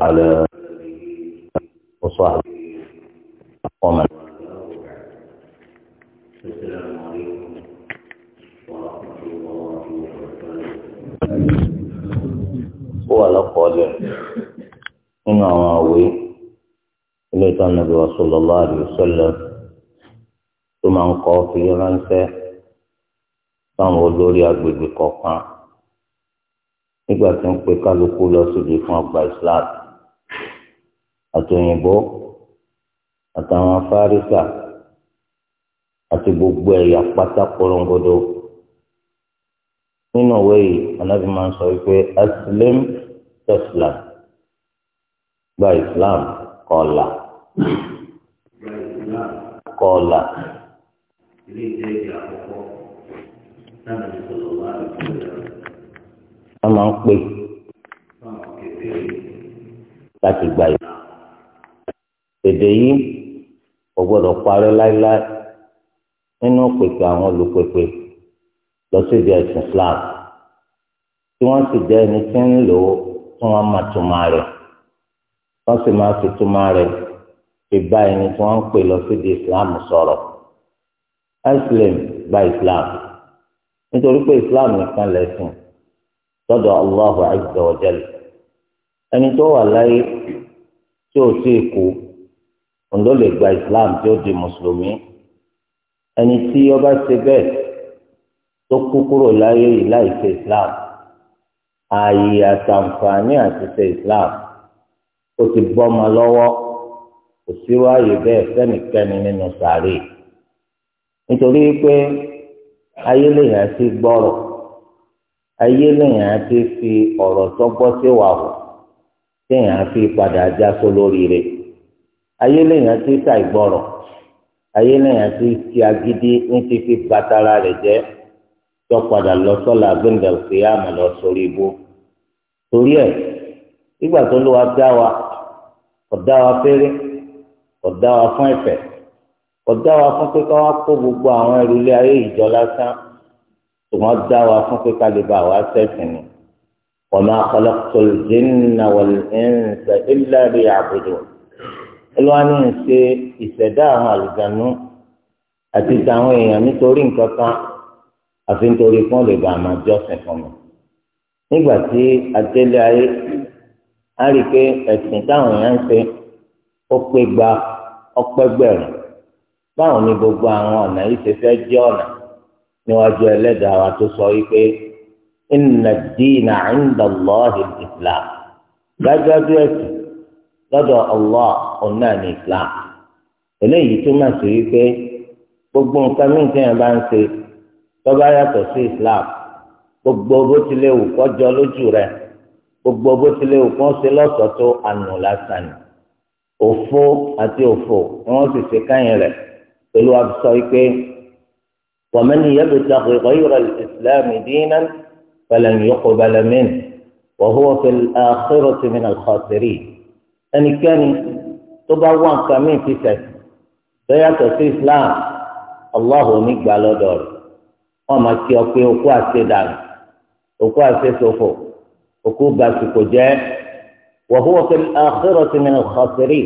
على وصحبه ومن السلام عليكم ورحمة الله وبركاته هو لقوله إنه أوي إليك النبي صلى الله عليه وسلم ثم أنقى في رنسه fáwọn olórí agbègbè kọ̀ọ̀kan nígbà tí ń pe kálukú lọ síbi fún ọgbà Islam àtòyìnbó àtàwọn afáríkà àti gbogbo ẹ̀yà pátá polongodo nínú òwe yìí anábì máa ń sọ wípé aslim teslam gba Islam kọlà kọlà wọ́n máa ń pè láti gba ìlú. èdè yìí kò gbọ́dọ̀ parẹ́ láíláí nínú pèpè àwọn olùpèpè lọ sí ibi ẹ̀sìn Islam tí wọ́n sì jẹ́ ẹni tí ń lò ó tí wọ́n máa túmọ̀ rẹ̀ wọ́n sì máa fi túmọ̀ rẹ̀ fi bá ẹni tí wọ́n ń pè lọ sí ibi Islam sọ̀rọ̀ Islam gba Islam. Islam nítorí pé islam nìkan lẹ́sìn sọ́dọ̀ allahu azza wa jalla ẹni tó wà láyé tí ò sí kú òun ló lè gba islam tí ó di mùsùlùmí ẹni tí ọba ṣe bẹ́ẹ̀ tó kú kúrò láyé yìí láì ṣe islam ààyè àtàǹfààní àti ṣe islam ó ti bọ́mọ lọ́wọ́ kò sí wáyé bẹ́ẹ̀ sẹ́nìkẹ́ni nínú sàárè nítorí pé. ayé lèyìn àti gbọ́rọ̀ ayé lèyìn àti fi ọrọ tọ́gbọ́ sí wà wò téèyàn á fi padà já só lórí rẹ̀ ayé lèyìn àti ṣàìgbọ́rọ̀ ayé lèyìn àti ti agídí ní ti fi bàtàrà rẹ̀ jẹ tó padà lọ sọ́la gbẹ̀ngànfẹ́ àmà lọ sórí ibú torí ẹ̀ ìgbà tó ló wa dá wa kò wa fẹ́rẹ́ kò wa fún ẹ̀fẹ̀. ọdá wa fún pé ká wá kó gbogbo àwọn ẹrù ilé ayé ìjọ lásán ṣùgbọ́n dá wa fún pé ká lè bá wa sẹ́sìn ni wa ma khalaqtul jinna wal insa illa liya'budun ẹlọ́wà ní ń ṣe ìṣẹ̀dá àwọn àlùjànnú àti tàwọn èèyàn nítorí nǹkan kan àfi nítorí kán lè bá àmà jọ́sìn fún mi nígbà tí adélé ayé á rí i pé ẹ̀sìn táwọn èèyàn ń ṣe ó pé gba ọpẹ́ báwo ni gbogbo àwọn ọ̀nà yìí ṣe fẹ́ jẹ́ ọ̀nà níwájú ẹlẹ́dàá wa tó sọ wípé inna diina inda Allahi islam gbájúájú ẹ̀sìn lọ́dọ̀ Allah ọ̀nà ní islam eléyìí túmọ̀ sí wípé gbogbo nǹkan mí ya bá ń ṣe tó bá yàtọ̀ sí gbogbo bó tilẹ̀ wù kó jọ lójú gbogbo bó tilẹ̀ wù kó ṣe lọ́sọ̀ọ́ ànú lásán òfo àti òfo ni olúwa sọ pé wàmẹ́ ni yẹ́bi dàgbé ọ̀yọ́rọ̀ ìsìlámù dínà fẹlẹ̀ yọkọ̀ balẹ̀ mẹ́rin wàhùwà fẹlẹ̀ àkérò tìmínà kọ́sẹ̀rì ẹnikẹ́ni tó bá wà nǹkan mí ti sẹ̀sì tó yàtọ̀ sí islam ọlọ́hùn onígbà lọ́dọ̀ rẹ̀ wọ́n máa kí ọ pé okú àṣẹ dànù okú àṣẹ ṣòfò okú gbàsìkò jẹ́ wàhùwà fẹlẹ̀ àkérò tìmínà kọ́sẹ̀rì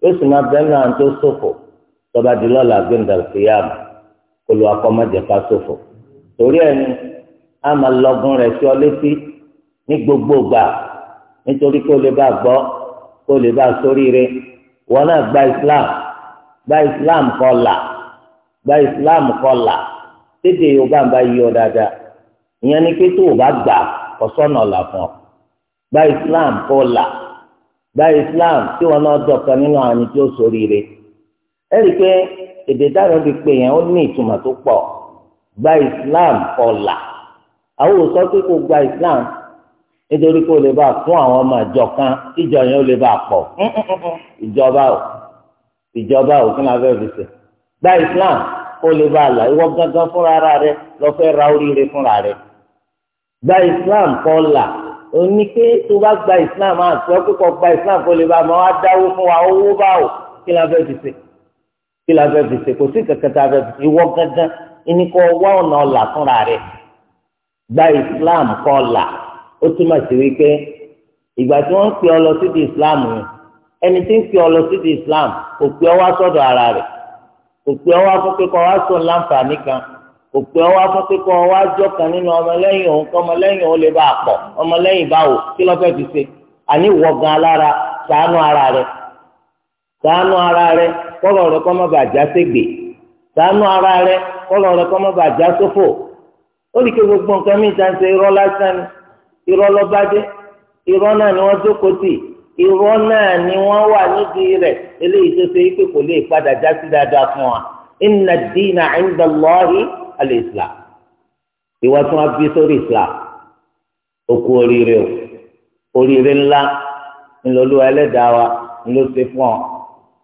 yóò sì máa bẹ́ẹ̀ náà tó ṣòfò tọba di lọ́la gbẹ̀ndàlù kìyàm kólú akọ́mọ́jẹ̀fà sófò torí ẹni a máa lọ́gùn rẹ̀ sí ọ létí ní gbogbo gbà nítorí kó lè bá gbọ́ kó lè bá sóríire wọn náà gba islam gba islam kọ́ là gba islam kọ́ là tètè yorùbá ń bá yí ọ dáadáa ìyẹn ni pé tó o bá gbà ọ̀sọ́nà ọ̀la fún ọ gba islam kọ́ gba islam tí wọn náà dọ̀kan nínú àwọn ẹni tí ó sóríire. So ẹ̀rí pé èdè dáná fi pè yẹn ó ní ìtumọ̀ tó pọ̀ gba islam ọ̀la àwọn òsọ pé kò gba islam nítorí kó lè bá fún àwọn ọmọ ìjọ kan ìjọ yẹn ó lè bá pọ̀ ìjọba ò ìjọba ò fún abẹ́ òfìsè gba islam kó lè bá là ìwọ gángan fúnra ara rẹ lọ́fẹ́ ra oríire fúnra rẹ gba islam kọ́la ó ní pé tó bá gba islam àti ọ́ pé gba islam kó lè bá máa dáwó fún wa owó báwò kí ni abẹ́ òfìsè kí la fẹ́ fi ṣe kò sí kankan tá a fẹ́ fi ṣe ìwọ gángan ẹni kọ́ wá ọ̀nà ọ̀là fúnra rẹ̀ gba islam kọ́ ọ̀là ó túmọ̀ sí wípé ìgbà tí wọ́n ń pè ọ lọ sí di islam yẹn ẹni tí ń pè ọ lọ sí di islam kò pè ọ wá sọ́dọ̀ ara rẹ̀ kò pè ọ wá fún pé kọ́ wá sọ láǹfààní kan kò pè ọ wá fún pé kọ́ wá jọ kan nínú ọmọlẹ́yìn òun kọ́ ọmọlẹ́yìn òun lè bá a pọ̀ ọmọlẹ́yìn báwo kí ló fẹ́ fi ṣe àní ìwọ gan alára ṣàánú ara rẹ̀ ṣàánú ara rẹ kọlọ rẹ kọ má bàa já ara rẹ kọlọ rẹ kọ má bàa já sófò ó gbogbo nǹkan mi ta ṣe irọ́ lásán ni irọ́ lọ́bàdé irọ́ náà ni wọ́n jókòó náà ni wà nídìí rẹ̀ eléyìí tó ṣe pé kò lè padà já fún wa inna dina inda Allahi islam ìwà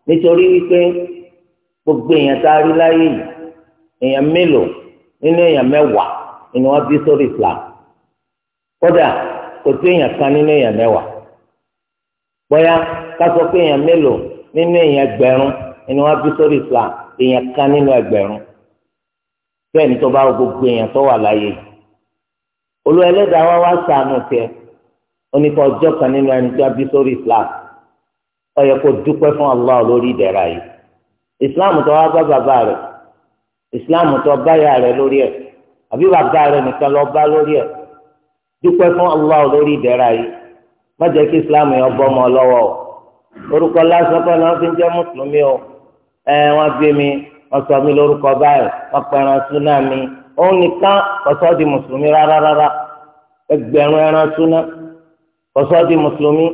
nítorí wípé gbogbo èèyàn tá a rí láyé yìí èèyàn mélòó nínú èèyàn mẹ́wàá ni wọ́n bí sórí Islam kódà kò sí èèyàn kan nínú èèyàn mẹ́wàá bóyá ká sọ pé èèyàn mélòó nínú èèyàn ẹgbẹ̀rún ni wọ́n bí sórí Islam èèyàn kan nínú ẹgbẹ̀rún bẹ́ẹ̀ ni tó bá gbogbo èèyàn tó wà láyé yìí olú ẹlẹ́dàá wa wá ṣàánú tiẹ̀ oníkọ̀ ọjọ́ kan nínú ẹni tó bí sórí Islam ó yẹ kó dúpẹ́ fún Allah lórí ìdẹ̀ra yìí ìsìláàmù tó wá bá bàbá rẹ̀ ìsìláàmù tó bá yà rẹ̀ lórí ẹ̀ àbí bàbá rẹ̀ nìkan lọ bá lórí ẹ̀ dúpẹ́ fún Allah lórí ìdẹ̀ra yìí má jẹ́ kí ìsìláàmù yẹn bọ́ ọmọ lọ́wọ́ o orúkọ lásán pé wọ́n fi ń jẹ́ mùsùlùmí o ẹ wọ́n bí mi wọ́n sọ mí lórúkọ báyìí wọ́n pẹran súná mi òun nìkan kọ̀sọ́ di mùsùlùmí rárá rárá ẹgbẹ̀rún ẹran súná kọ̀sọ́ di mùsùlùmí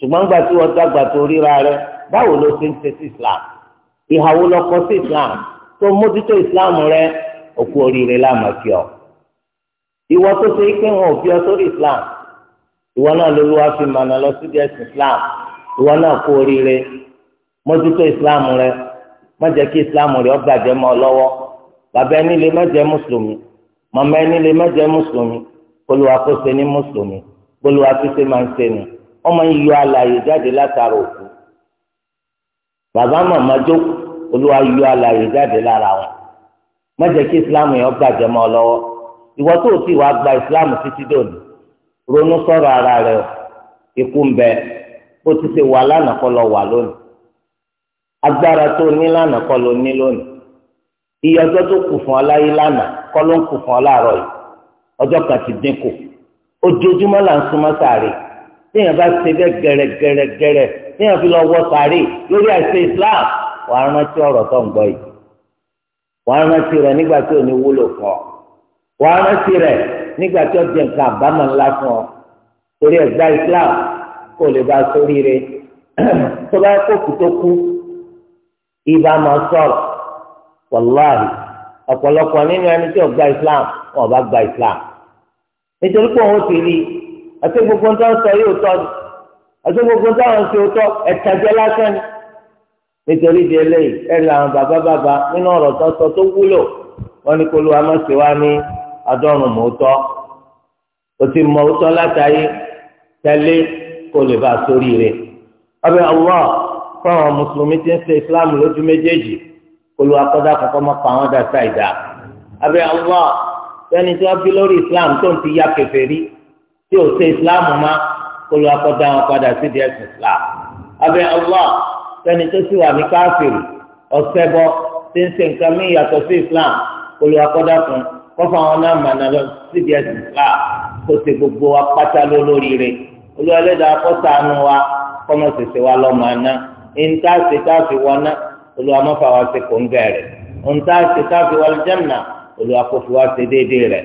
ṣùgbọ́n gbà tí wọ́n dàgbà tó ríra rẹ báwo ló ti ń ṣe islam ìhàwó lọkọ sí islam tó mójútó islam rẹ òkú oríire láàmú ma ọ ìwọ tó ṣe pé wọn ò fi ọ sórí islam ìwọ náà ló wá fi lọ sí islam ìwọ náà kú oríire mójútó islam rẹ má islam rẹ mọ́ ọ lọ́wọ́ bàbá ẹni lè má jẹ́ mùsùlùmí ẹni lè má jẹ́ mùsùlùmí olùwàkóso ní mùsùlùmí olùwàkóso máa ń ọmọ yìí yọ alààyè jáde látara òkú bàbá màmá jókòó olúwa yọ alààyè jáde lára wọn má jẹ́ kí islam yẹn gbàjẹ́ mọ́ ọ lọ́wọ́ ìwọ tó ti wàá gba islam títí dòní ronú sọ̀rọ̀ ara rẹ ikú ń bẹ bó ti ṣe wà lánàá kọ́ lọ wà lónìí agbára tó ní lánàá kọ́ ló ní lónìí iye ọjọ́ tó kù fún ọ láyé lánàá kọ́ ló ń kù fún ọ láàárọ̀ yìí ọjọ́ kan ti dínkù ojoojúmọ́ là ń súnmọ́ sáré téèyàn bá ṣe bẹ́ẹ̀ gẹ̀rẹ́gẹ̀rẹ́gẹ̀rẹ́ téèyàn fi lọ wọ sàárè lórí àìsè Islam wà á rántí ọ̀rọ̀ tó ń gbọ́ yìí wà á rántí rẹ̀ nígbà tí ò ní wúlò fún wà á rántí rẹ̀ nígbà tí ó jẹ nǹkan àbámọ̀ ńlá fún ọ torí ẹ̀gbá Islam kò lè bá sóríire tó bá kó kù tó kú ibà máa sọ̀rọ̀ wàláhì ọ̀pọ̀lọpọ̀ nínú ẹni tí ò gba Islam wọn ò bá gba Islam nítorí pé òun ti rí àti gbogbo ń tán sọ yóò tọ́ ni àti gbogbo ń táwọn ṣe tọ́ ẹ̀tàjẹ́ lásán ni nítorí di eléyìí ẹ̀rí àwọn bàbá bàbá nínú ọ̀rọ̀ tó sọ tó wúlò wọn ni kólú amáṣe wá ní adọ́run mọ́tọ́ o ti mọ òótọ́ látàyè tẹ́lẹ̀ kó lè bá a sórí rẹ̀ ọbẹ̀ Allah fún àwọn mùsùlùmí ti ń ṣe Islam lójú méjèèjì kólú akọ́dá kọ́kọ́ mọ́ pa àwọn dàtà ìdá ọbẹ̀ Allah sẹ́ni tí wọ́n fi lórí Islam tó ń ti ya kèfèrí tí ò ṣe islam ma kólú akọ́dá wọn padà sí díẹ̀ sí islam abẹ́ allah sẹ́ni tó sì wà ní káfíìrì ọ̀sẹ̀ bọ́ tí ń ṣe nǹkan mí yàtọ̀ sí islam kólú akọ́dá kan kọ́fà wọn náà mà náà lọ sí díẹ̀ sí islam kó ṣe gbogbo wa pátá ló lóríire olú ẹlẹ́dàá akọ́sàánú wa kọ́mọ ṣẹṣẹ wa lọ́mọ aná ìntà ṣe káfí wọná olú amọ́fà wa ṣe kò ń gẹ̀rẹ̀ ìntà ṣe káfí wọlé jẹ́mìnà olú akọ́fì wa ṣe déédéé rẹ̀